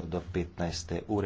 do 15. ure.